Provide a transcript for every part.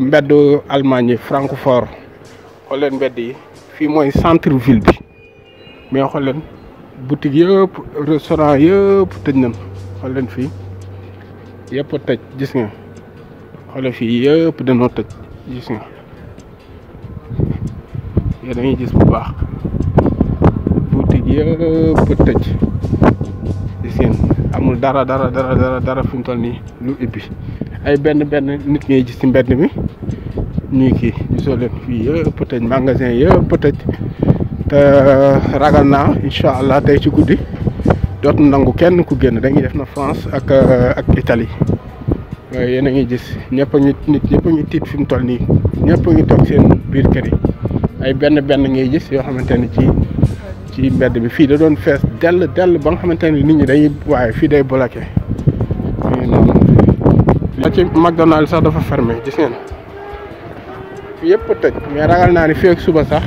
mbeddu Allemagne yi Francfort xool leen mbedd yi fii mooy centre ville bi mais xool leen boutique yëpp restaurant yëpp tëj nañ xool leen fii yëpp tëj gis nga xoole fii yëpp dañoo tëj gis nga yéen a gis bu baax boutique yëpp tëj gis ngeen amul dara dara dara dara dara fi mu toll nii lu ubbi ay benn benn nit ngay gis ci mbedd mi ñuy ki gisoo leen fii yëpp tëj magasin yëpp tëj te euh, ragal naa incha allah tey ci guddi dootu nangu kenn ku génn dañuy def na France ak euh, ak Italie waaye yéen a ngi gis ñëpp a ngi nit ñëpp a tiit fi mu toll nii ñëpp a ngi toog seen biir kër yi ay benn benn ngay gis yoo xamante ni ci ci mbedd bi fii da doon fees dell dell ba nga xamante ni nit ñi dañuy waaye fii day bloqué la ci McDonald's sax dafa fermé gis ngeen fi yëpp tëj mais ragal naa ni fii ak suba sax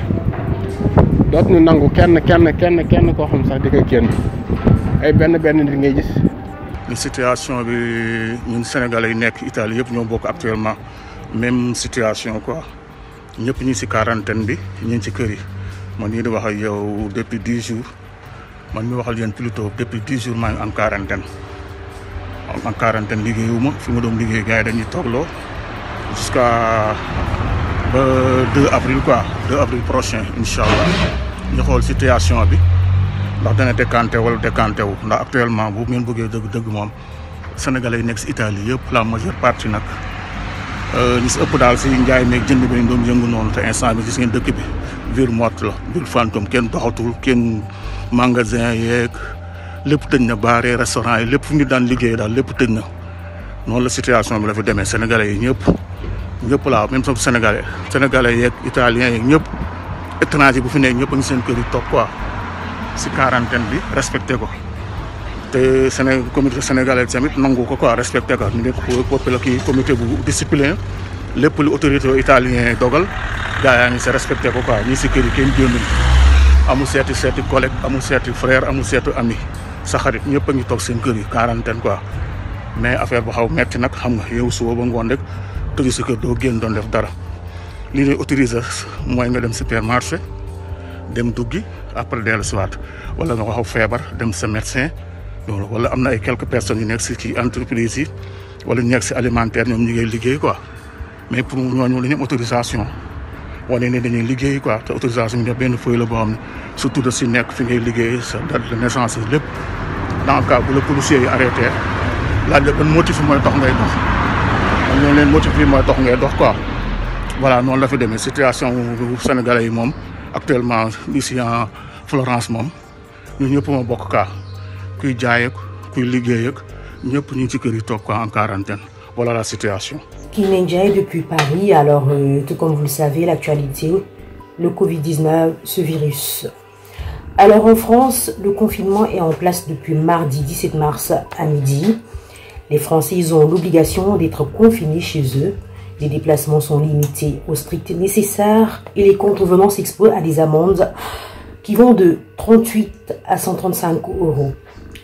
doot ñu nangu kenn kenn kenn kenn koo xam sax di ko génn ay benn benn nit ngay gis. ni situation bi ñun sénégalais yi nekk Italie yëpp ñoo bokk actuellement même situation quoi ñëpp ñi ci quarantaine bi ñu ci kër yi man ñii di wax ak yow depuis 10 jours man mi waxal yéen plutôt depuis 10 jours maa ngi am quarantaine. en quarantaine liggéeyuma fi ma doon liggéey gars yi dañuy loo jusqu'à ba 2 avril quoi 2 avril prochain incha allah ñu xool situation bi ndax dana décanté wala décanté wu ndax actuellement bu ngeen bëggee dëgg dëgg moom sénégalais yi nekk si Italie yëpp la majeure partie nag ni euh, si ëpp daal si njaay meeg jënd bi lañ doon yëngu noonu te instant bi gis ngeen dëkk bi ville morte la ville fantôme kenn doxatul kenn magasin yeeg. lépp tëj na baaree restaurant yi lépp fu ñu daan liggéey daal lépp tëj na noonu la situation bi la fi demee sénégalais yi ñëpp ñëpp laa même sax sénégalais sénégalais yeeg italiens yeeg ñëpp étranger bu fi nekk ñëpp a ngi seen kër yi toog quoi si quarantaine bi respecté ko te Séné comité sénégalais tamit nangu ko quoi respecté ko ñu nekk popula kii comité bu discipliné lépp lu autorité italien dogal gaa yaa ngi si respecté ko quoi ñii si kër yi kenn génnuñ amul amu seeti collègue amul seeti ami sa xarit ñëpp a ngi toog seen kër yi quarantaine quoi mais affaire bu xaw metti nag xam nga yow suba ba ngoon rek tëju si kër doo génn doon def dara lii ñuy autorisé mooy nga dem supermarché dem duggi après dellu si waat wala nga xaw feebar dem sa mercin loolu wala am na ay quelque personnes yu nekk si ci entreprise yi wala ñu nekk si alimentaire ñoom ñu ngi liggéey quoi mais pour ñooñu la ñu autorisation. wane ne dañuy liggéey quoi te autorisation benn feuille la boo xam ne surtout de si nekk fi ngay liggéey sa date de naissance lépp dans le cas bu la policier yi arrêté laaj la ban motif mooy tax ngay dox man ñoo leen motif bi ngay dox quoi voilà noonu la fi demee situation sénégalais yi moom actuellement ici en Florence moom ñu ñëpp ma bokk kaa kuy jaay ak kuy liggéey ak ñëpp ñu ngi ci kër yi toog quoi en quarantaine Voilà la situation. Kim depuis Paris, alors euh, tout comme vous le savez, l'actualité, le Covid-19, ce virus. Alors en France, le confinement est en place depuis mardi 17 mars à midi. Les Français, ont l'obligation d'être confinés chez eux. Les déplacements sont limités au strict nécessaire et les contrevenants s'exposent à des amendes qui vont de 38 à 135 euros.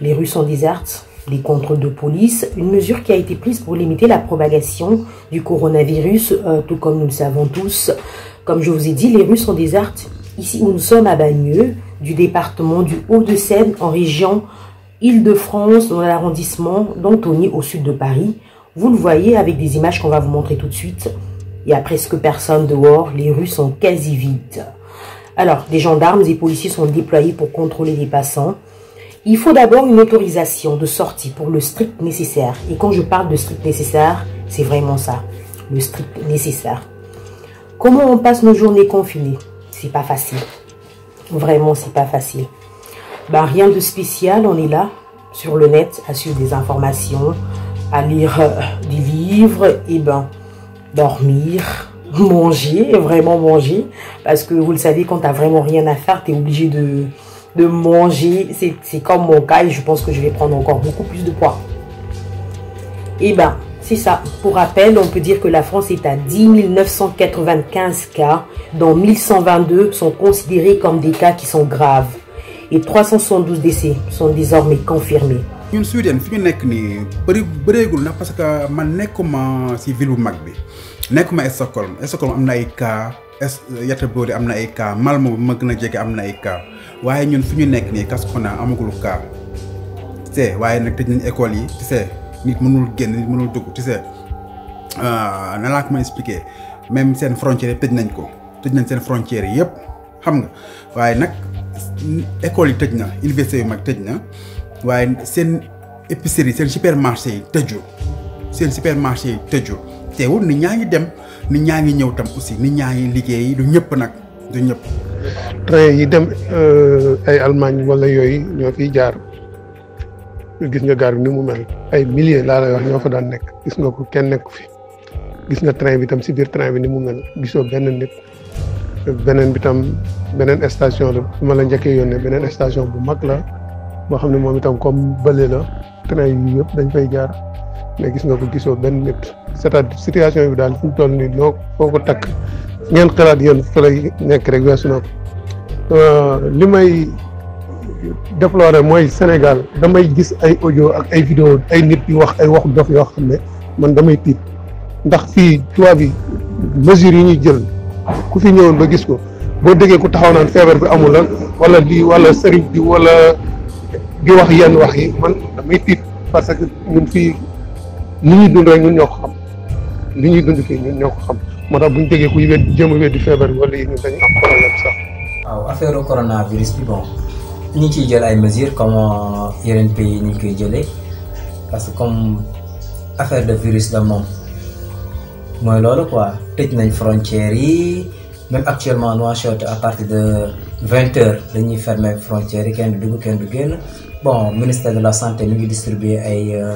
Les rues sont désertes, les contrôles de police, une mesure qui a été prise pour limiter la propagation du coronavirus, euh, tout comme nous le savons tous. Comme je vous ai dit, les rues sont désertes. Ici où nous sommes à Bagneux, du département du Haut-de-Seine, en région Île-de-France, dans l'arrondissement d'Antony, au sud de Paris. Vous le voyez avec des images qu'on va vous montrer tout de suite. Il n'y a presque personne dehors, les rues sont quasi vides. Alors, des gendarmes et policiers sont déployés pour contrôler les passants. Il faut d'abord une autorisation de sortie pour le strict nécessaire. Et quand je parle de strict nécessaire, c'est vraiment ça, le strict nécessaire. Comment on passe nos journées confinées C'est pas facile. Vraiment, c'est pas facile. Bah, rien de spécial, on est là sur le net à suivre des informations, à lire euh, des livres, et ben dormir, manger, vraiment manger. Parce que vous le savez, quand t'as vraiment rien à faire, t'es obligé de, de manger, c'est comme mon cas et je pense que je vais prendre encore beaucoup plus de poids. Et eh ben, c'est ça. Pour rappel, on peut dire que la France est à 10 995 cas, dont 1122 sont considérés comme des cas qui sont graves. Et 372 décès sont désormais confirmés. parce que ville cas est euh, yatta boori am na ay cas Malmo bu ma gën a jege am na ay cas waaye ñun fu ñu nekk nii Kascona amagul cas tu sais waaye nag tëj nañ école yi tu nit mënul génn nit mënul dugg tu sais ah, na laa ko expliquer même seen frontière yëpp tëj nañ ko tëj nañ seen frontière yëpp xam nga waaye nag école yi tëj na université yu mag tëj na waaye seen épicerie seen supermarché yi tëjul seen supermarché yi tëjul teewul nit ñaa ngi dem nit ñaa ngi ñëw tam aussi nit ñaa ngi liggéey du ñëpp nag du ñëpp. train yi dem euh, ay Allemagne walla yooyu ñoo fiy jaar gis nga gaar bi ni mu mel ay milliers laa lay wax ñoo fa daan nekk gis nga ko kenn nekku fi gis nga train bi tam si biir train bi ni mu mel gisoo benn nit beneen bi tam beneen station la bu ma la njëkkee yónnee beneen station bu mag la boo xam ne moom itam comme bële la train yi yëpp dañ fay jaar. mais gis nga ko gisoo benn nit c'est-à-dire situation bi daal fi mu toll nii loo foo ko takk ngeen xalaat yéen fa lay nekk rek wees na euh, li may déploré mooy Sénégal damay gis ay audio ak ay video ay nit yu wax ay waxu dof yoo xam ne man damay tiit ndax fii tubaab yi mesures yi ñuy jël ku fi ñëwoon ba gis ko boo déggee ku taxaw naan feebar bi amul la wala lii wala sëriñ bi wala wax yenn wax yi man damay tiit parce que ñun fii ni ñuy dund rek ñun ñoo ko xam ni ñuy du kii ñun ñoo ko xam moo tax bu ñu déggee kuy wet jëm a weddi feebar bi wala yi ñun dañu am waaw affaire coronavirus bi bon ñu ciy jël ay mesures comme yeneen pays yi ñu koy jëlee parce que comme affaire de virus la moom mooy loolu quoi tëj nañ frontières yi même actuellement Nouakchott à partir de vingt heures dañuy fermer frontières yi kenn du dugg kenn du génn bon ministère de la santé mi ngi distribuer ay. Euh,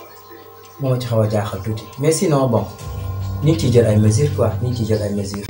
mais sinon bon ni ngi jël quoi ni